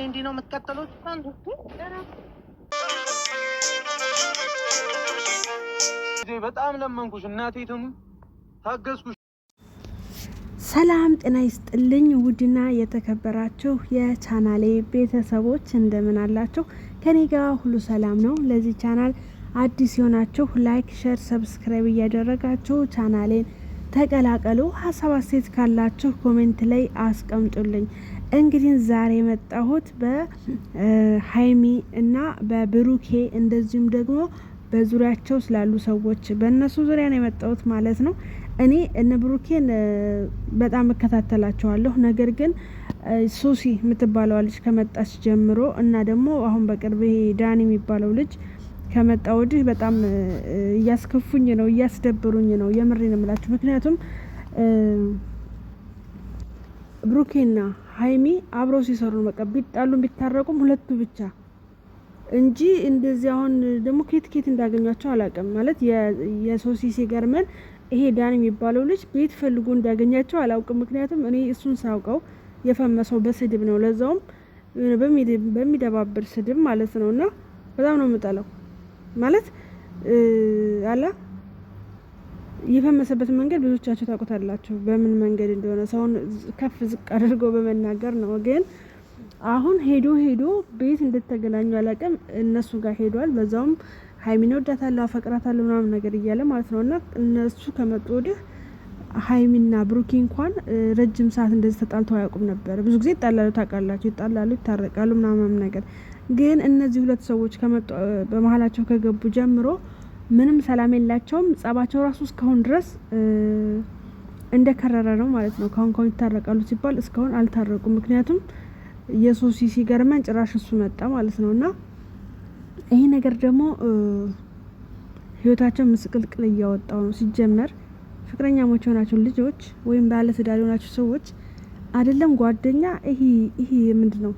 ሁሌ እንዲህ ነው የምትቀጥሉት? በጣም ለመንኩሽ እናቴትም ታገዝኩ ታገዝኩሽ። ሰላም ጤና ይስጥልኝ። ውድና የተከበራችሁ የቻናሌ ቤተሰቦች እንደምን አላችሁ? ከኔ ጋር ሁሉ ሰላም ነው። ለዚህ ቻናል አዲስ የሆናችሁ ላይክ፣ ሸር፣ ሰብስክራይብ እያደረጋችሁ ቻናሌን ተቀላቀሉ። ሀሳብ አስተያየት ካላችሁ ኮሜንት ላይ አስቀምጡልኝ። እንግዲህ ዛሬ የመጣሁት በሀይሚ እና በብሩኬ እንደዚሁም ደግሞ በዙሪያቸው ስላሉ ሰዎች በእነሱ ዙሪያ ነው የመጣሁት ማለት ነው። እኔ እነ ብሩኬን በጣም እከታተላቸዋለሁ። ነገር ግን ሱሲ የምትባለዋ ልጅ ከመጣች ጀምሮ እና ደግሞ አሁን በቅርብ ዳን የሚባለው ልጅ ከመጣ ወዲህ በጣም እያስከፉኝ ነው፣ እያስደብሩኝ ነው። የምሬ ነው ምላችሁ ምክንያቱም ብሩኬና ሀይሚ አብረው ሲሰሩ ነው። በቃ ቢጣሉም ቢታረቁም ሁለቱ ብቻ እንጂ እንደዚህ አሁን ደግሞ ኬት ኬት እንዳገኟቸው አላውቅም። ማለት የሶሲ ሲገርመን ይሄ ዳን የሚባለው ልጅ ቤት ፈልጎ እንዳገኛቸው አላውቅም። ምክንያቱም እኔ እሱን ሳውቀው የፈመሰው በስድብ ነው፣ ለዛውም በሚደባብር ስድብ ማለት ነው። እና በጣም ነው የምጠለው ማለት አላ የፈመሰበት መንገድ ብዙዎቻችሁ ታውቁታላችሁ፣ በምን መንገድ እንደሆነ ሰውን ከፍ ዝቅ አድርጎ በመናገር ነው። ግን አሁን ሄዶ ሄዶ ቤት እንደተገናኙ አላውቅም፣ እነሱ ጋር ሄዷል። በዛውም ሀይሚን ወዳታለሁ፣ አፈቅራታለሁ ምናምን ነገር እያለ ማለት ነው። እና እነሱ ከመጡ ወዲህ ሀይሚና ብሩኪ እንኳን ረጅም ሰዓት እንደዚህ ተጣልተው አያውቁም ነበር። ብዙ ጊዜ ይጣላሉ፣ ታውቃላችሁ፣ ይጣላሉ፣ ይታረቃሉ ምናምን ነገር ግን እነዚህ ሁለት ሰዎች በመሀላቸው ከገቡ ጀምሮ ምንም ሰላም የላቸውም። ጸባቸው ራሱ እስካሁን ድረስ እንደከረረ ነው ማለት ነው። ካሁን ካሁን ይታረቃሉ ሲባል እስካሁን አልታረቁም። ምክንያቱም የሶሲ ሲገርመን ጭራሽ እሱ መጣ ማለት ነው እና ይሄ ነገር ደግሞ ህይወታቸው ምስቅልቅል እያወጣው ነው። ሲጀመር ሞች የሆናቸው ልጆች ወይም ባለትዳር የሆናቸው ሰዎች አይደለም ጓደኛ ይሄ ይሄ ምንድን ነው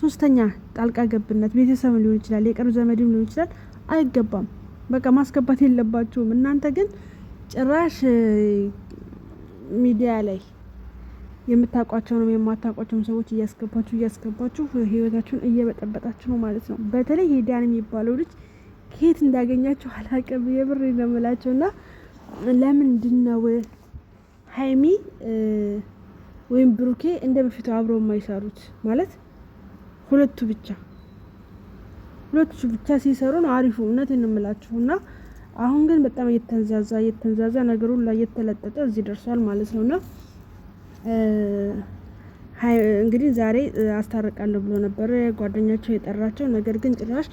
ሶስተኛ ጣልቃ ገብነት ቤተሰብም ሊሆን ይችላል፣ የቅርብ ዘመድም ሊሆን ይችላል። አይገባም። በቃ ማስገባት የለባችሁም። እናንተ ግን ጭራሽ ሚዲያ ላይ ነው የማታውቋቸውም ሰዎች እያስገባችሁ እያስገባችሁ ህይወታችሁን እየበጠበጣችሁ ነው ማለት ነው። በተለይ ሄዳን የሚባለው ልጅ ከየት እንዳገኛችሁ አላቅም። የብር ለምላቸው ና ለምንድን ነው ሀይሚ ወይም ብሩኬ እንደ በፊቱ አብረው የማይሰሩት ማለት ሁለቱ ብቻ ሁለቱ ብቻ ሲሰሩ ነው አሪፉ። እውነቴን ነው የምላችሁ እና አሁን ግን በጣም እየተንዛዛ እየተንዛዛ ነገሩ ላይ እየተለጠጠ እዚህ ደርሷል ማለት ነው። እና እንግዲህ ዛሬ አስታርቃለሁ ብሎ ነበረ ጓደኛቸው የጠራቸው። ነገር ግን ጭራሽ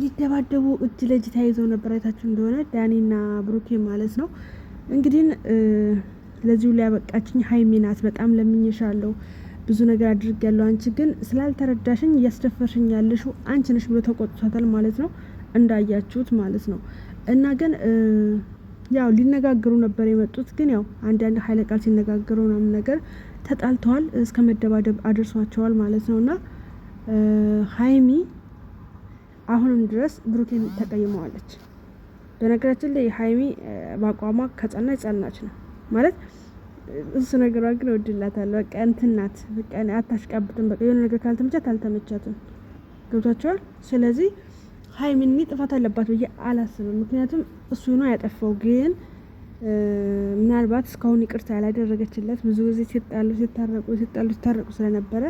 ሊደባደቡ እጅ ለእጅ ተያይዘው ነበር፣ አይታችሁ እንደሆነ ዳኒና ብሩኬ ማለት ነው። እንግዲህ ለዚሁ ላይ ያበቃችኝ ሀይሚ ናት። በጣም ለምኝሻለሁ ብዙ ነገር አድርግ ያለው አንቺ ግን ስላልተረዳሽኝ እያስደፈርሽኝ ያለሽው አንቺ ነሽ ብሎ ተቆጥቷታል ማለት ነው፣ እንዳያችሁት ማለት ነው። እና ግን ያው ሊነጋገሩ ነበር የመጡት። ግን ያው አንዳንድ ኃይለ ቃል ሲነጋገሩ ምናምን ነገር ተጣልተዋል፣ እስከ መደባደብ አድርሷቸዋል ማለት ነው። እና ሀይሚ አሁንም ድረስ ብሩኬን ተቀይመዋለች። በነገራችን ላይ ሀይሚ በአቋሟ ከጸና ጸናች ነው ማለት እሱ ነገሯ ግን እወድላታለሁ። በቃ እንትን ናት፣ በቃ አታሽቃብጥም። በቃ የሆነ ነገር ካልተመቻት አልተመቻትም። ገብቷቸዋል። ስለዚህ ሀይሚኒ ጥፋት አለባት ብዬ አላስብም። ምክንያቱም እሱ ነው ያጠፋው። ግን ምናልባት እስካሁን ይቅርታ ያላደረገችለት ብዙ ጊዜ ሲጣሉ ሲታረቁ ሲጣሉ ሲታረቁ ስለነበረ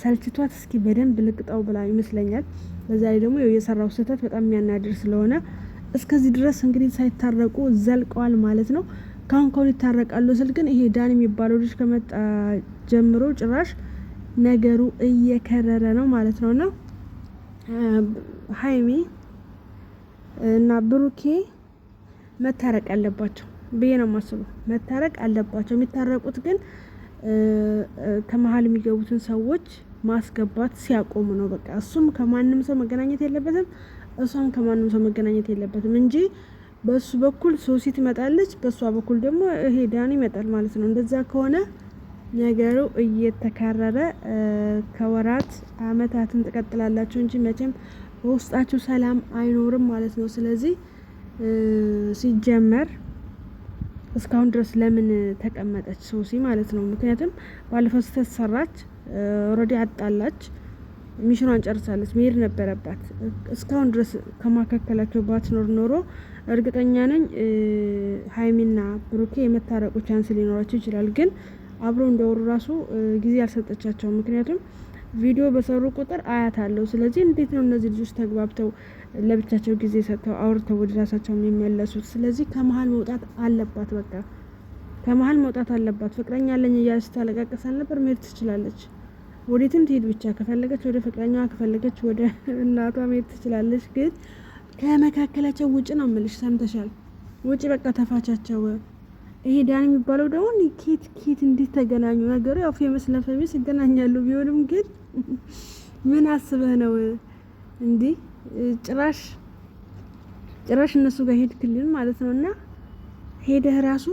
ሰልችቷት እስኪ በደንብ ልቅጣው ብላ ይመስለኛል። በዛ ላይ ደግሞ የሰራው ስህተት በጣም የሚያናድር ስለሆነ እስከዚህ ድረስ እንግዲህ ሳይታረቁ ዘልቀዋል ማለት ነው። ካሁን ከሁን ይታረቃሉ ስል ግን ይሄ ዳን የሚባለው ልጅ ከመጣ ጀምሮ ጭራሽ ነገሩ እየከረረ ነው ማለት ነው። ና ሀይሚ እና ብሩኬ መታረቅ አለባቸው ብዬ ነው የማስበው። መታረቅ አለባቸው። የሚታረቁት ግን ከመሀል የሚገቡትን ሰዎች ማስገባት ሲያቆሙ ነው። በቃ እሱም ከማንም ሰው መገናኘት የለበትም፣ እሷም ከማንም ሰው መገናኘት የለበትም እንጂ በሱ በኩል ሶሲ ትመጣለች፣ በእሷ በኩል ደግሞ ይሄ ዳን ይመጣል ማለት ነው። እንደዛ ከሆነ ነገሩ እየተካረረ ከወራት አመታትን ትቀጥላላችሁ እንጂ መቼም በውስጣችሁ ሰላም አይኖርም ማለት ነው። ስለዚህ ሲጀመር እስካሁን ድረስ ለምን ተቀመጠች ሶሲ ማለት ነው? ምክንያቱም ባለፈው ስህተት ሰራች፣ ኦልሬዲ አጣላች፣ ሚሽኗን ጨርሳለች፣ መሄድ ነበረባት። እስካሁን ድረስ ከማካከላቸው ባትኖር ኖሮ እርግጠኛ ነኝ ሀይሚና ብሩኬ የመታረቁ ቻንስ ሊኖራቸው ይችላል። ግን አብሮ እንደወሩ ራሱ ጊዜ አልሰጠቻቸው ምክንያቱም ቪዲዮ በሰሩ ቁጥር አያት አለው። ስለዚህ እንዴት ነው እነዚህ ልጆች ተግባብተው ለብቻቸው ጊዜ ሰጥተው አውርተው ወደ ራሳቸው የሚመለሱት? ስለዚህ ከመሀል መውጣት አለባት። በቃ ከመሀል መውጣት አለባት። ፍቅረኛ አለኝ እያለች ስታለቃቀስ አልነበር? መሄድ ትችላለች። ወዴትም ትሄድ ብቻ ከፈለገች ወደ ፍቅረኛዋ፣ ከፈለገች ወደ እናቷ መሄድ ትችላለች ግን ከመካከላቸው ውጭ ነው ምልሽ። ሰምተሻል? ውጭ በቃ ተፋቻቸው። ይሄ ዳን የሚባለው ደግሞ ኬት ኬት እንዴት ተገናኙ? ነገሩ ያው ፌመስ ለፌመስ ይገናኛሉ። ቢሆንም ግን ምን አስበህ ነው እንዲህ ጭራሽ ጭራሽ እነሱ ጋር ሄድክልን ማለት ነው። እና ሄደህ ራሱ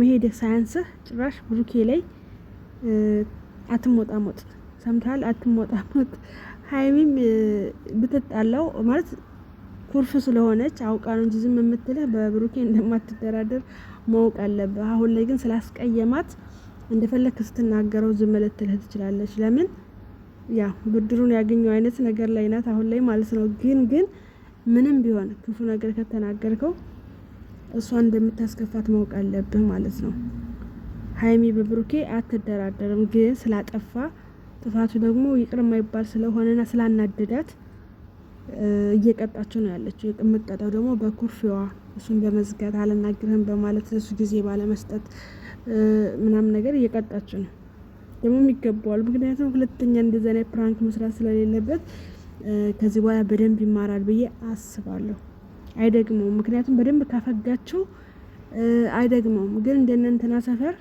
መሄድህ ሳያንስህ ጭራሽ ብሩኬ ላይ አትሞጣሞጥ። ሰምተሃል? አትሞጣሞጥ ሀይሚም ብትጣላው ማለት ኩርፍ ስለሆነች አውቃ ነው እንጂ ዝም የምትልህ በብሩኬ እንደማትደራደር ማወቅ አለብህ። አሁን ላይ ግን ስላስቀየማት እንደፈለክ ስትናገረው ዝም ልትልህ ትችላለች። ለምን ያ ብድሩን ያገኘው አይነት ነገር ላይ ናት አሁን ላይ ማለት ነው። ግን ግን ምንም ቢሆን ክፉ ነገር ከተናገርከው እሷን እንደምታስከፋት ማወቅ አለብህ ማለት ነው። ሀይሚ በብሩኬ አትደራደርም፣ ግን ስላጠፋ ጥፋቱ ደግሞ ይቅር የማይባል ስለሆነና ስላናደዳት እየቀጣቸው ነው ያለችው። የምቀጠው ደግሞ በኩርፊዋ እሱን በመዝጋት አልናግርህም በማለት ለሱ ጊዜ ባለመስጠት ምናምን ነገር እየቀጣችው ነው። ደግሞ ይገባዋል። ምክንያቱም ሁለተኛ እንደዚህ ፕራንክ መስራት ስለሌለበት ከዚህ በኋላ በደንብ ይማራል ብዬ አስባለሁ። አይደግመውም። ምክንያቱም በደንብ ካፈጋቸው አይደግመውም። ግን እንደነንትና ሰፈር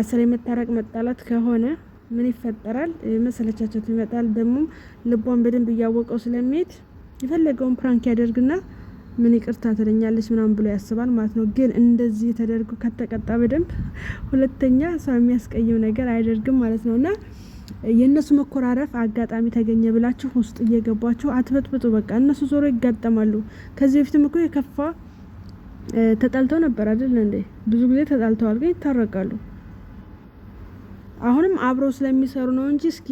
አስር የመታረቅ መጣላት ከሆነ ምን ይፈጠራል? መሰለቻቸት ይመጣል። ደግሞም ልቧን በደንብ እያወቀው ስለሚሄድ የፈለገውን ፕራንክ ያደርግና ምን ይቅርታ ትለኛለች ምናምን ብሎ ያስባል ማለት ነው። ግን እንደዚህ ተደርጎ ከተቀጣ በደንብ ሁለተኛ ሰው የሚያስቀይም ነገር አያደርግም ማለት ነው። እና የእነሱ መኮራረፍ አጋጣሚ ተገኘ ብላችሁ ውስጥ እየገባችሁ አትበጥብጡ። በቃ እነሱ ዞሮ ይጋጠማሉ። ከዚህ በፊትም እኮ የከፋ ተጣልተው ነበር አይደል እንዴ? ብዙ ጊዜ ተጣልተዋል፣ ግን ይታረቃሉ። አሁንም አብረው ስለሚሰሩ ነው እንጂ እስኪ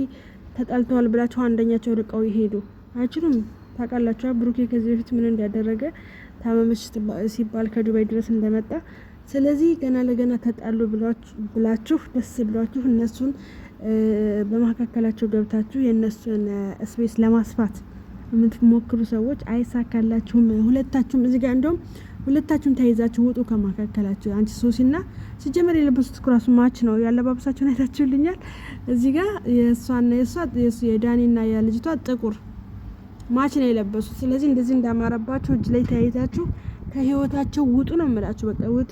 ተጣልተዋል ብላችሁ አንደኛቸው ርቀው ይሄዱ አይችሉም። ታውቃላችሁ ብሩኬ ከዚህ በፊት ምን እንዳደረገ ታመመች ሲባል ከዱባይ ድረስ እንደመጣ ስለዚህ ገና ለገና ተጣሉ ብላችሁ ደስ ብሏችሁ እነሱን በመካከላቸው ገብታችሁ የእነሱን ስፔስ ለማስፋት የምትሞክሩ ሰዎች አይሳካላችሁም። ሁለታችሁም እዚህ ጋር እንደውም ሁለታችሁም ተይዛችሁ ውጡ ከመካከላችሁ። አንቺ ሶሲና ሲጀመር የለበሱት ኩራሱ ማች ነው። ያለባበሳችሁን አይታችሁልኛል። እዚህ ጋር የእሷና የእሷ የዳኒና የልጅቷ ጥቁር ማች ነው የለበሱት። ስለዚህ እንደዚህ እንዳማረባችሁ እጅ ላይ ተያይዛችሁ ከህይወታቸው ውጡ ነው የምላችሁ። በቃ ውጡ፣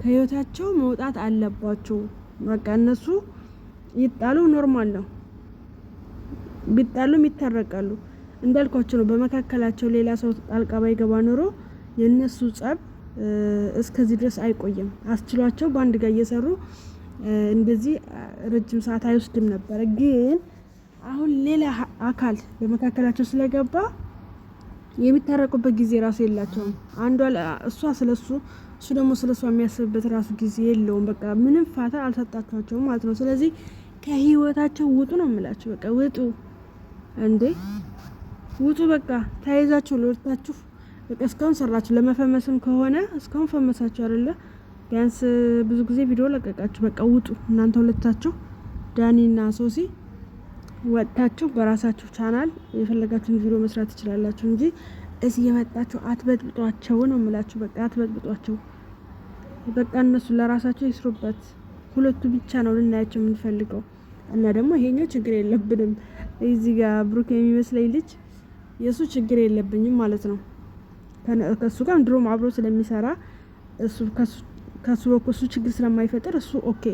ከህይወታቸው መውጣት አለባችሁ። በቃ እነሱ ይጣሉ ኖርማል ነው፣ ቢጣሉም ይታረቃሉ። እንዳልኳቸው ነው። በመካከላቸው ሌላ ሰው ጣልቃ ባይገባ ኖሮ የእነሱ ጸብ እስከዚህ ድረስ አይቆይም። አስችሏቸው በአንድ ጋር እየሰሩ እንደዚህ ረጅም ሰዓት አይወስድም ነበር ግን አሁን ሌላ አካል በመካከላቸው ስለገባ የሚታረቁበት ጊዜ ራሱ የላቸውም። አንዷ እሷ ስለሱ እሱ ደግሞ ስለ እሷ የሚያስብበት ራሱ ጊዜ የለውም። በቃ ምንም ፋታ አልሰጣቸውም ማለት ነው። ስለዚህ ከህይወታቸው ውጡ ነው የምላቸው። በቃ ውጡ እንዴ! ውጡ በቃ ተያይዛችሁ ልወጣችሁ በቃ እስካሁን ሰራችሁ። ለመፈመስም ከሆነ እስካሁን ፈመሳችሁ አይደለ? ቢያንስ ብዙ ጊዜ ቪዲዮ ለቀቃችሁ። በቃ ውጡ እናንተ ሁለታችሁ ዳኒና ሶሲ ወጥታችሁ በራሳችሁ ቻናል የፈለጋችሁን ቪዲዮ መስራት ትችላላችሁ እንጂ እዚህ የመጣችሁ አትበጥብጧቸው ነው የምላችሁ። በቃ አትበጥብጧቸው። በቃ እነሱ ለራሳቸው ይስሩበት። ሁለቱ ብቻ ነው ልናያቸው የምንፈልገው እና ደግሞ ይሄኛው ችግር የለብንም። እዚህ ጋር ብሩክ የሚመስለኝ ልጅ የእሱ ችግር የለብኝም ማለት ነው። ከእሱ ጋር ድሮም አብሮ ስለሚሰራ ከእሱ በኩል እሱ ችግር ስለማይፈጥር እሱ ኦኬ።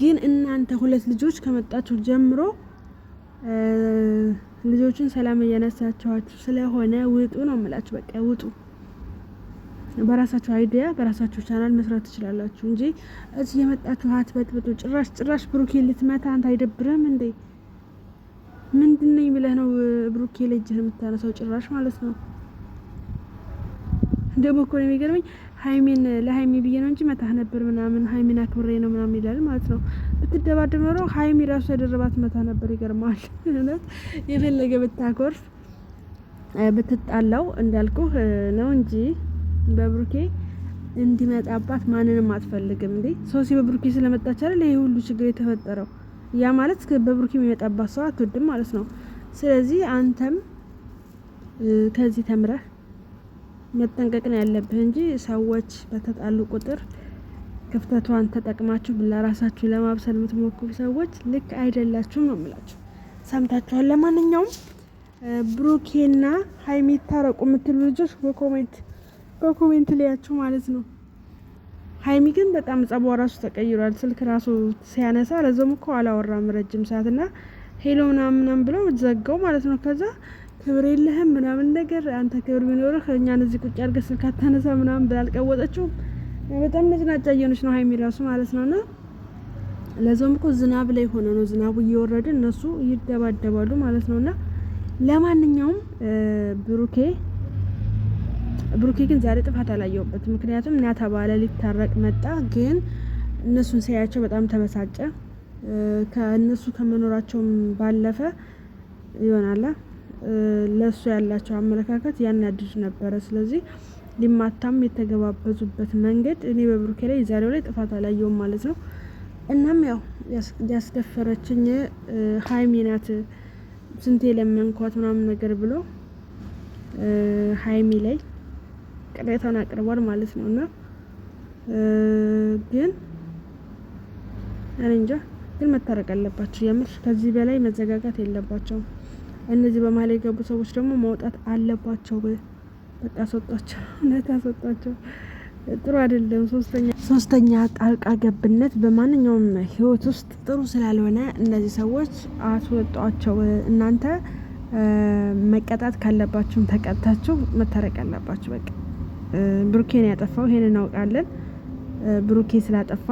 ግን እናንተ ሁለት ልጆች ከመጣችሁ ጀምሮ ልጆቹን ሰላም እያነሳችኋችሁ ስለሆነ ውጡ ነው የምላችሁ። በቃ ውጡ። በራሳችሁ አይዲያ በራሳችሁ ቻናል መስራት ትችላላችሁ እንጂ እዚህ የመጣችሁ ሀት በጥብጡ ጭራሽ ጭራሽ ብሩኬ ልትመታ አንተ አይደብርም እንዴ? ምንድነኝ ብለህ ነው ብሩኬ ላይ የምታነሳው? ጭራሽ ማለት ነው። ደግሞ እኮ ነው የሚገርመኝ። ሀይሜን ለሀይሜ ብዬ ነው እንጂ መታህ ነበር ምናምን ሀይሜን አክብሬ ነው ምናምን ይላል ማለት ነው። ብትደባደብ ኖሮ ሀይሜ ራሱ ያደረባት መታ ነበር። ይገርመዋል። እውነት የፈለገ ብታኮርፍ ብትጣላው እንዳልኩ ነው እንጂ በብሩኬ እንዲመጣባት ማንንም አትፈልግም እንዴ። ሶሲ በብሩኬ ስለመጣች አይደል ሁሉ ችግር የተፈጠረው ያ ማለት በብሩክ የሚመጣባት ሰው አትወድም ማለት ነው። ስለዚህ አንተም ከዚህ ተምረህ መጠንቀቅ ነው ያለብህ እንጂ ሰዎች በተጣሉ ቁጥር ክፍተቷን ተጠቅማችሁ ለራሳችሁ ለማብሰል የምትሞክሩ ሰዎች ልክ አይደላችሁም ነው የምላችሁ። ሰምታችኋል። ለማንኛውም ብሩኬና ሀይሚ ታረቁ የምትሉ ልጆች በኮሜንት በኮሜንት ሊያችሁ ማለት ነው። ሀይሚ ግን በጣም ጸቧ ራሱ ተቀይሯል። ስልክ ራሱ ሲያነሳ ለዞም እኮ አላወራም ረጅም ሰዓት ና ሄሎ ምናምናም ብለው ዘጋው ማለት ነው። ከዛ ክብር የለህም ምናምን ነገር አንተ ክብር ቢኖርህ እኛን እዚህ ቁጭ አድርገህ ስልክ አታነሳ ምናምን ብላ በጣም ነጭናጫ እየሆነች ነው ሀይሚ ራሱ ማለት ነው። ና ለዞም እኮ ዝናብ ላይ ሆነ ነው ዝናቡ እየወረደ እነሱ ይደባደባሉ ማለት ነው። ና ለማንኛውም ብሩኬ ብሩኬ ግን ዛሬ ጥፋት አላየውበት። ምክንያቱም ና ተባለ ሊታረቅ መጣ፣ ግን እነሱን ሲያያቸው በጣም ተበሳጨ። ከእነሱ ከመኖራቸውም ባለፈ ይሆናላ ለእሱ ያላቸው አመለካከት ያናድድ ነበረ። ስለዚህ ሊማታም የተገባበዙበት መንገድ እኔ በብሩኬ ላይ ዛሬው ላይ ጥፋት አላየውም ማለት ነው። እናም ያው ያስደፈረችኝ ሀይሚ ናት ስንቴ ለመንኳት ምናምን ነገር ብሎ ሀይሚ ላይ ቅሬታውን አቅርቧል ማለት ነው እና ግን እንጃ ግን መታረቅ አለባቸው። የምር ከዚህ በላይ መዘጋጋት የለባቸውም። እነዚህ በመሀል የገቡ ሰዎች ደግሞ መውጣት አለባቸው። በቃ አስወጧቸው፣ እውነት አስወጧቸው። ጥሩ አይደለም። ሶስተኛ ጣልቃ ገብነት በማንኛውም ህይወት ውስጥ ጥሩ ስላልሆነ እነዚህ ሰዎች አስወጧቸው። እናንተ መቀጣት ካለባችሁም ተቀጣችሁ መታረቅ አለባችሁ በቃ ብሩኬን ያጠፋው ይሄን እናውቃለን። ብሩኬ ስላጠፋ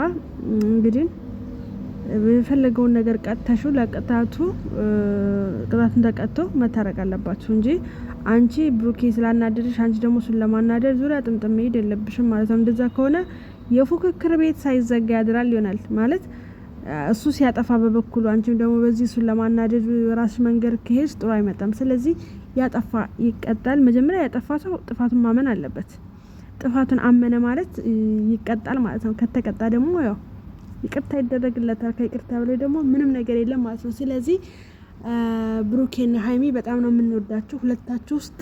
እንግዲህ የፈለገውን ነገር ቀጥተሹ ለቅጣቱ ቅጣቱን ተቀጥቶ መታረቅ አለባችሁ እንጂ አንቺ ብሩኬ ስላናደድሽ አንቺ ደግሞ እሱን ለማናደድ ዙሪያ ጥምጥም መሄድ የለብሽም ማለት ነው። እንደዛ ከሆነ የፉክክር ቤት ሳይዘጋ ያድራል ይሆናል ማለት እሱ ሲያጠፋ በበኩሉ አንቺም ደግሞ በዚህ እሱን ለማናደድ ራስሽ መንገድ ከሄድ ጥሩ አይመጣም። ስለዚህ ያጠፋ ይቀጣል። መጀመሪያ ያጠፋ ሰው ጥፋቱን ማመን አለበት። ጥፋቱን አመነ ማለት ይቀጣል ማለት ነው። ከተቀጣ ደግሞ ያው ይቅርታ ይደረግለታል። ከይቅርታ ብሎ ደግሞ ምንም ነገር የለም ማለት ነው። ስለዚህ ብሩኬና ሀይሚ በጣም ነው የምንወዳችሁ። ሁለታችሁ ውስጥ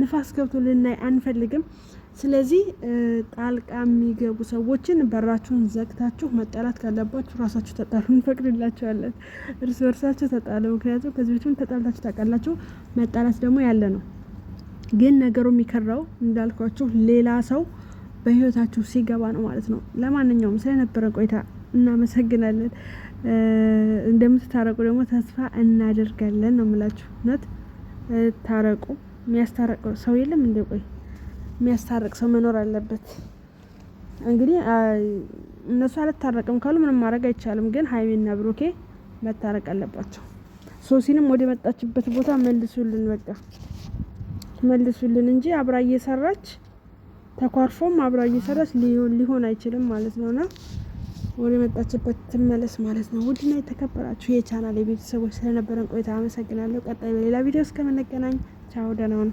ንፋስ ገብቶ ልናይ አንፈልግም። ስለዚህ ጣልቃ የሚገቡ ሰዎችን በራችሁን ዘግታችሁ መጣላት ካለባችሁ ራሳችሁ ተጣሉ፣ እንፈቅድላችኋለን። እርስ በርሳችሁ ተጣሉ። ምክንያቱም ከዚህ በፊትም ተጣልታችሁ ታውቃላችሁ። መጣላት ደግሞ ያለ ነው። ግን ነገሩ የሚከራው እንዳልኳችሁ ሌላ ሰው በህይወታችሁ ሲገባ ነው ማለት ነው። ለማንኛውም ስለነበረ ቆይታ እናመሰግናለን። እንደምትታረቁ ደግሞ ተስፋ እናደርጋለን ነው የምላችሁ። እውነት ታረቁ። የሚያስታረቀው ሰው የለም እንደ ቆይ የሚያስታርቅ ሰው መኖር አለበት። እንግዲህ እነሱ አልታረቅም ካሉ ምንም ማድረግ አይቻልም። ግን ሀይሜና ብሩኬ መታረቅ አለባቸው። ሶሲንም ወደ መጣችበት ቦታ መልሱልን፣ በቃ መልሱልን እንጂ አብራ እየሰራች ተኳርፎም አብራ እየሰራች ሊሆን አይችልም ማለት ና ወደ መጣችበት ትመለስ ማለት ነው። ውድና የተከበራችሁ የቻናል የቤተሰቦች ስለነበረን ቆይታ አመሰግናለሁ። ቀጣይ በሌላ ቪዲዮ እስከምንገናኝ ቻው፣ ደህና